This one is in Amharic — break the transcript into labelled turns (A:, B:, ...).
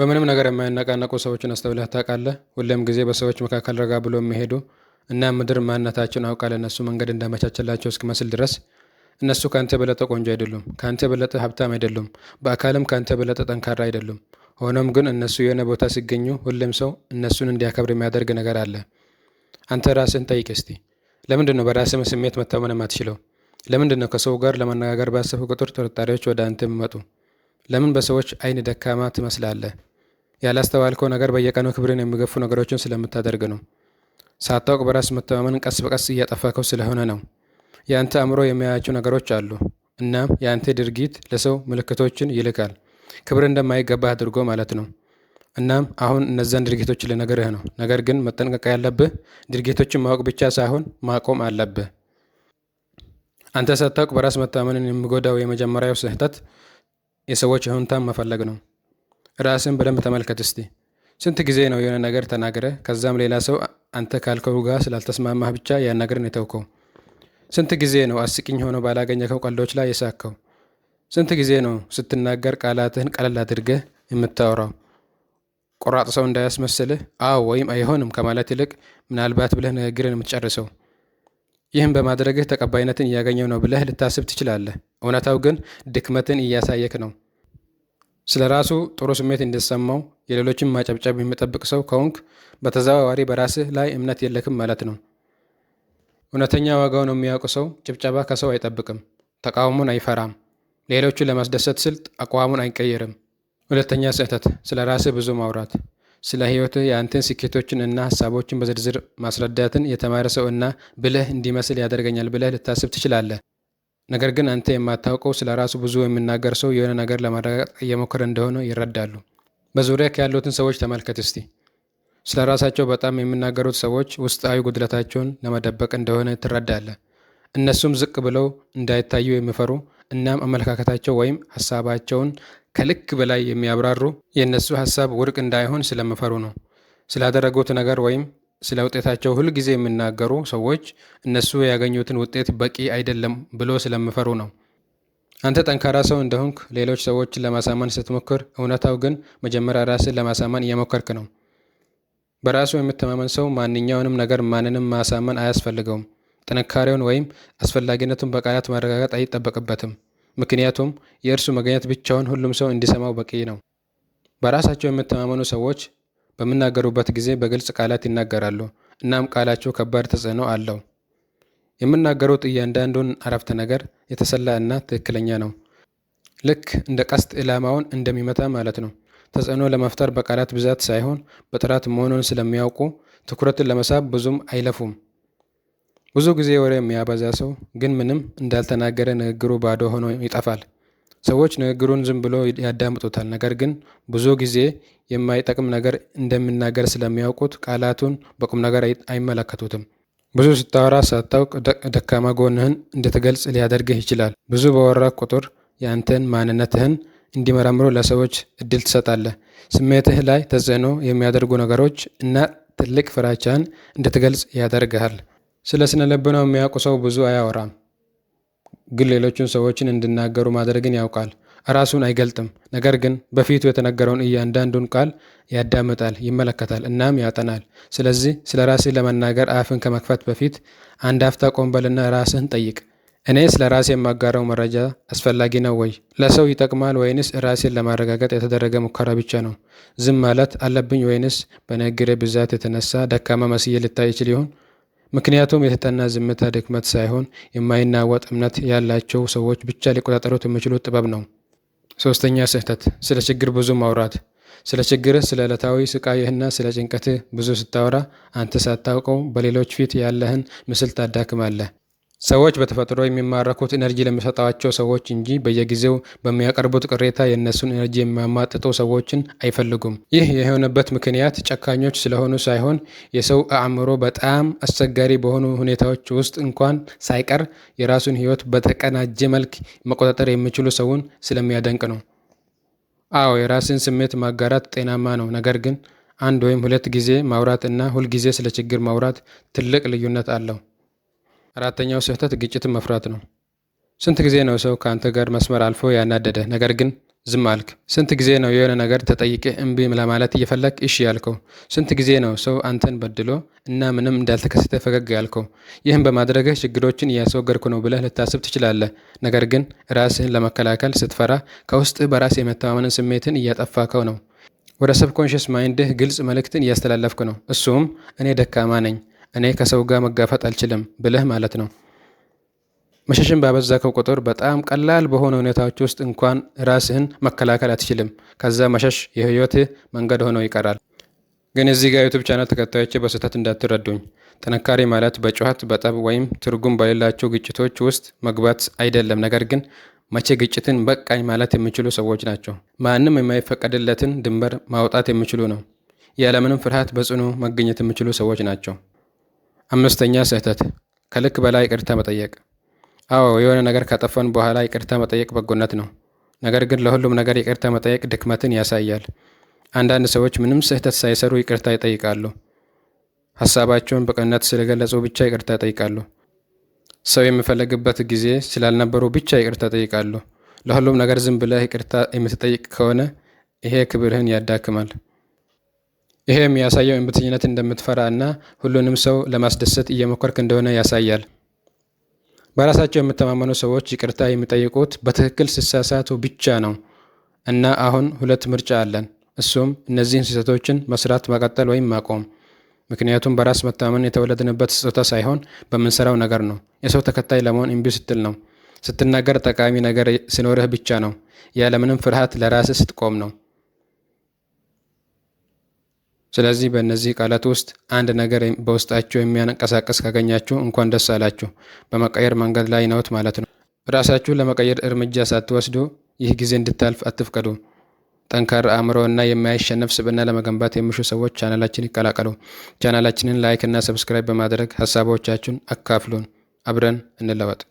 A: በምንም ነገር የማይነቃነቁ ሰዎችን አስተውለህ ታውቃለህ? ሁሌም ጊዜ በሰዎች መካከል ረጋ ብሎ የሚሄዱ እና ምድር ማንነታቸውን አውቃ ለእነሱ መንገድ እንዳመቻቸላቸው እስኪመስል ድረስ እነሱ ከአንተ የበለጠ ቆንጆ አይደሉም፣ ከአንተ የበለጠ ሀብታም አይደሉም፣ በአካልም ከአንተ የበለጠ ጠንካራ አይደሉም። ሆኖም ግን እነሱ የሆነ ቦታ ሲገኙ ሁሌም ሰው እነሱን እንዲያከብር የሚያደርግ ነገር አለ። አንተ ራስህን ጠይቅ እስቲ። ለምንድን ነው በራስህም ስሜት መታመን የማትችለው? ለምንድን ነው ከሰው ጋር ለመነጋገር ባሰብህ ቁጥር ጥርጣሬዎች ወደ አንተ የሚመጡ? ለምን በሰዎች አይን ደካማ ትመስላለህ? ያላስተዋልከው ነገር በየቀኑ ክብርን የሚገፉ ነገሮችን ስለምታደርግ ነው። ሳታውቅ በራስ መተማመን ቀስ በቀስ እያጠፋከው ስለሆነ ነው። የአንተ አእምሮ የሚያያቸው ነገሮች አሉ። እናም የአንተ ድርጊት ለሰው ምልክቶችን ይልካል፣ ክብር እንደማይገባ አድርጎ ማለት ነው። እናም አሁን እነዛን ድርጊቶች ልነገርህ ነው። ነገር ግን መጠንቀቅ ያለብህ ድርጊቶችን ማወቅ ብቻ ሳይሆን ማቆም አለብህ። አንተ ሳታውቅ በራስ መተማመንን የሚጎዳው የመጀመሪያው ስህተት የሰዎች ይሁንታን መፈለግ ነው። ራስን በደንብ ተመልከት እስቲ። ስንት ጊዜ ነው የሆነ ነገር ተናግረ ከዛም ሌላ ሰው አንተ ካልከው ጋር ስላልተስማማህ ብቻ ያን ነገርን የተውከው? ስንት ጊዜ ነው አስቂኝ ሆኖ ባላገኘከው ቀልዶች ላይ የሳከው? ስንት ጊዜ ነው ስትናገር ቃላትህን ቀለል አድርገህ የምታወራው? ቆራጥ ሰው እንዳያስመስልህ አዎ ወይም አይሆንም ከማለት ይልቅ ምናልባት ብለህ ንግግርን የምትጨርሰው። ይህም በማድረግህ ተቀባይነትን እያገኘው ነው ብለህ ልታስብ ትችላለህ። እውነታው ግን ድክመትን እያሳየክ ነው። ስለ ራሱ ጥሩ ስሜት እንዲሰማው የሌሎችን ማጨብጨብ የሚጠብቅ ሰው ከሆንክ በተዘዋዋሪ በራስህ ላይ እምነት የለክም ማለት ነው። እውነተኛ ዋጋውን የሚያውቅ ሰው ጭብጨባ ከሰው አይጠብቅም፣ ተቃውሞን አይፈራም፣ ሌሎቹን ለማስደሰት ስልት አቋሙን አይቀይርም። ሁለተኛ ስህተት፣ ስለ ራስህ ብዙ ማውራት ስለ ህይወትህ የአንተን ስኬቶችን እና ሀሳቦችን በዝርዝር ማስረዳትን የተማረ ሰው እና ብልህ እንዲመስል ያደርገኛል ብለህ ልታስብ ትችላለህ። ነገር ግን አንተ የማታውቀው ስለ ራሱ ብዙ የሚናገር ሰው የሆነ ነገር ለማረጋገጥ እየሞከረ እንደሆነ ይረዳሉ። በዙሪያ ያሉትን ሰዎች ተመልከት እስቲ። ስለ ራሳቸው በጣም የሚናገሩት ሰዎች ውስጣዊ ጉድለታቸውን ለመደበቅ እንደሆነ ትረዳለህ። እነሱም ዝቅ ብለው እንዳይታዩ የሚፈሩ እናም አመለካከታቸው ወይም ሀሳባቸውን ከልክ በላይ የሚያብራሩ የእነሱ ሀሳብ ውድቅ እንዳይሆን ስለሚፈሩ ነው። ስላደረጉት ነገር ወይም ስለ ውጤታቸው ሁል ጊዜ የሚናገሩ ሰዎች እነሱ ያገኙትን ውጤት በቂ አይደለም ብሎ ስለሚፈሩ ነው። አንተ ጠንካራ ሰው እንደሆንክ ሌሎች ሰዎችን ለማሳመን ስትሞክር፣ እውነታው ግን መጀመሪያ ራስን ለማሳመን እየሞከርክ ነው። በራሱ የሚተማመን ሰው ማንኛውንም ነገር ማንንም ማሳመን አያስፈልገውም። ጥንካሬውን ወይም አስፈላጊነቱን በቃላት ማረጋገጥ አይጠበቅበትም። ምክንያቱም የእርሱ መገኘት ብቻውን ሁሉም ሰው እንዲሰማው በቂ ነው። በራሳቸው የምተማመኑ ሰዎች በምናገሩበት ጊዜ በግልጽ ቃላት ይናገራሉ፣ እናም ቃላቸው ከባድ ተጽዕኖ አለው። የምናገሩት እያንዳንዱን አረፍተ ነገር የተሰላ እና ትክክለኛ ነው፣ ልክ እንደ ቀስት ዕላማውን እንደሚመታ ማለት ነው። ተጽዕኖ ለመፍጠር በቃላት ብዛት ሳይሆን በጥራት መሆኑን ስለሚያውቁ ትኩረትን ለመሳብ ብዙም አይለፉም። ብዙ ጊዜ ወሬ የሚያበዛ ሰው ግን ምንም እንዳልተናገረ ንግግሩ ባዶ ሆኖ ይጠፋል። ሰዎች ንግግሩን ዝም ብሎ ያዳምጡታል፣ ነገር ግን ብዙ ጊዜ የማይጠቅም ነገር እንደሚናገር ስለሚያውቁት ቃላቱን በቁም ነገር አይመለከቱትም። ብዙ ስታወራ ሳታውቅ ደካማ ጎንህን እንድትገልጽ ሊያደርግህ ይችላል። ብዙ በወራ ቁጥር የአንተን ማንነትህን እንዲመረምሩ ለሰዎች እድል ትሰጣለህ። ስሜትህ ላይ ተጽዕኖ የሚያደርጉ ነገሮች እና ትልቅ ፍራቻን እንድትገልጽ ያደርግሃል። ስለ ስነ ልቦና የሚያውቁ ሰው ብዙ አያወራም። ግን ሌሎችን ሰዎችን እንዲናገሩ ማድረግን ያውቃል። ራሱን አይገልጥም፣ ነገር ግን በፊቱ የተነገረውን እያንዳንዱን ቃል ያዳምጣል፣ ይመለከታል እናም ያጠናል። ስለዚህ ስለ ራስህ ለመናገር አፍን ከመክፈት በፊት አንድ አፍታ ቆም ራስህን ጠይቅ። እኔ ስለ ራሴ የማጋራው መረጃ አስፈላጊ ነው ወይ? ለሰው ይጠቅማል ወይንስ ራሴን ለማረጋገጥ የተደረገ ሙከራ ብቻ ነው? ዝም ማለት አለብኝ ወይንስ በንግግሬ ብዛት የተነሳ ደካማ መስዬ ልታይ ይችል ይሆን? ምክንያቱም የተጠና ዝምታ ድክመት ሳይሆን የማይናወጥ እምነት ያላቸው ሰዎች ብቻ ሊቆጣጠሩት የሚችሉት ጥበብ ነው። ሶስተኛ ስህተት፣ ስለ ችግር ብዙ ማውራት። ስለ ችግርህ፣ ስለ ዕለታዊ ስቃይህና ስለ ጭንቀትህ ብዙ ስታወራ አንተ ሳታውቀው በሌሎች ፊት ያለህን ምስል ታዳክማለህ። ሰዎች በተፈጥሮ የሚማረኩት ኢነርጂ ለሚሰጣቸው ሰዎች እንጂ በየጊዜው በሚያቀርቡት ቅሬታ የእነሱን ኢነርጂ የሚያማጥጡ ሰዎችን አይፈልጉም። ይህ የሆነበት ምክንያት ጨካኞች ስለሆኑ ሳይሆን የሰው አእምሮ በጣም አስቸጋሪ በሆኑ ሁኔታዎች ውስጥ እንኳን ሳይቀር የራሱን ሕይወት በተቀናጀ መልክ መቆጣጠር የሚችሉ ሰውን ስለሚያደንቅ ነው። አዎ የራስን ስሜት ማጋራት ጤናማ ነው፣ ነገር ግን አንድ ወይም ሁለት ጊዜ ማውራት እና ሁልጊዜ ስለ ችግር ማውራት ትልቅ ልዩነት አለው። አራተኛው ስህተት ግጭትን መፍራት ነው። ስንት ጊዜ ነው ሰው ከአንተ ጋር መስመር አልፎ ያናደደ ነገር ግን ዝም አልክ? ስንት ጊዜ ነው የሆነ ነገር ተጠይቄ እምቢ ለማለት እየፈለግ እሺ ያልከው? ስንት ጊዜ ነው ሰው አንተን በድሎ እና ምንም እንዳልተከሰተ ፈገግ ያልከው? ይህን በማድረግህ ችግሮችን እያስወገድኩ ነው ብለህ ልታስብ ትችላለህ። ነገር ግን ራስህን ለመከላከል ስትፈራ ከውስጥ በራስ የመተማመንን ስሜትን እያጠፋከው ነው። ወደ ሰብኮንሽስ ማይንድህ ግልጽ መልእክትን እያስተላለፍክ ነው። እሱም እኔ ደካማ ነኝ እኔ ከሰው ጋር መጋፈጥ አልችልም ብለህ ማለት ነው። መሸሽን ባበዛከው ቁጥር በጣም ቀላል በሆነ ሁኔታዎች ውስጥ እንኳን ራስህን መከላከል አትችልም። ከዛ መሸሽ የህይወትህ መንገድ ሆኖ ይቀራል። ግን እዚህ ጋር ዩቱብ ቻናል ተከታዮች በስህተት እንዳትረዱኝ። ጥንካሬ ማለት በጩኸት በጠብ ወይም ትርጉም በሌላቸው ግጭቶች ውስጥ መግባት አይደለም። ነገር ግን መቼ ግጭትን በቃኝ ማለት የሚችሉ ሰዎች ናቸው። ማንም የማይፈቀድለትን ድንበር ማውጣት የሚችሉ ነው። ያለምንም ፍርሃት በጽኑ መገኘት የሚችሉ ሰዎች ናቸው። አምስተኛ ስህተት ከልክ በላይ ይቅርታ መጠየቅ። አዎ የሆነ ነገር ካጠፋን በኋላ ይቅርታ መጠየቅ በጎነት ነው። ነገር ግን ለሁሉም ነገር ይቅርታ መጠየቅ ድክመትን ያሳያል። አንዳንድ ሰዎች ምንም ስህተት ሳይሰሩ ይቅርታ ይጠይቃሉ። ሀሳባቸውን በቅንነት ስለገለጹ ብቻ ይቅርታ ይጠይቃሉ። ሰው የሚፈለግበት ጊዜ ስላልነበሩ ብቻ ይቅርታ ይጠይቃሉ። ለሁሉም ነገር ዝም ብለህ ይቅርታ የምትጠይቅ ከሆነ ይሄ ክብርህን ያዳክማል። ይሄ የሚያሳየው እንብተኝነት እንደምትፈራ እና ሁሉንም ሰው ለማስደሰት እየሞከርክ እንደሆነ ያሳያል። በራሳቸው የምተማመኑ ሰዎች ይቅርታ የሚጠይቁት በትክክል ሲሳሳቱ ብቻ ነው እና አሁን ሁለት ምርጫ አለን፣ እሱም እነዚህን ስህተቶችን መስራት መቀጠል ወይም ማቆም። ምክንያቱም በራስ መተማመን የተወለድንበት ስጦታ ሳይሆን በምንሰራው ነገር ነው። የሰው ተከታይ ለመሆን እምቢ ስትል ነው። ስትናገር ጠቃሚ ነገር ሲኖርህ ብቻ ነው። ያለምንም ፍርሃት ለራስህ ስትቆም ነው። ስለዚህ በእነዚህ ቃላት ውስጥ አንድ ነገር በውስጣችሁ የሚያንቀሳቅስ ካገኛችሁ እንኳን ደስ አላችሁ፣ በመቀየር መንገድ ላይ ነውት ማለት ነው። ራሳችሁን ለመቀየር እርምጃ ሳትወስዱ ይህ ጊዜ እንድታልፍ አትፍቀዱ። ጠንካራ አእምሮ እና የማይሸነፍ ስብዕና ለመገንባት የሚሹ ሰዎች ቻናላችን ይቀላቀሉ። ቻናላችንን ላይክ እና ሰብስክራይብ በማድረግ ሀሳቦቻችሁን አካፍሉን። አብረን እንለወጥ።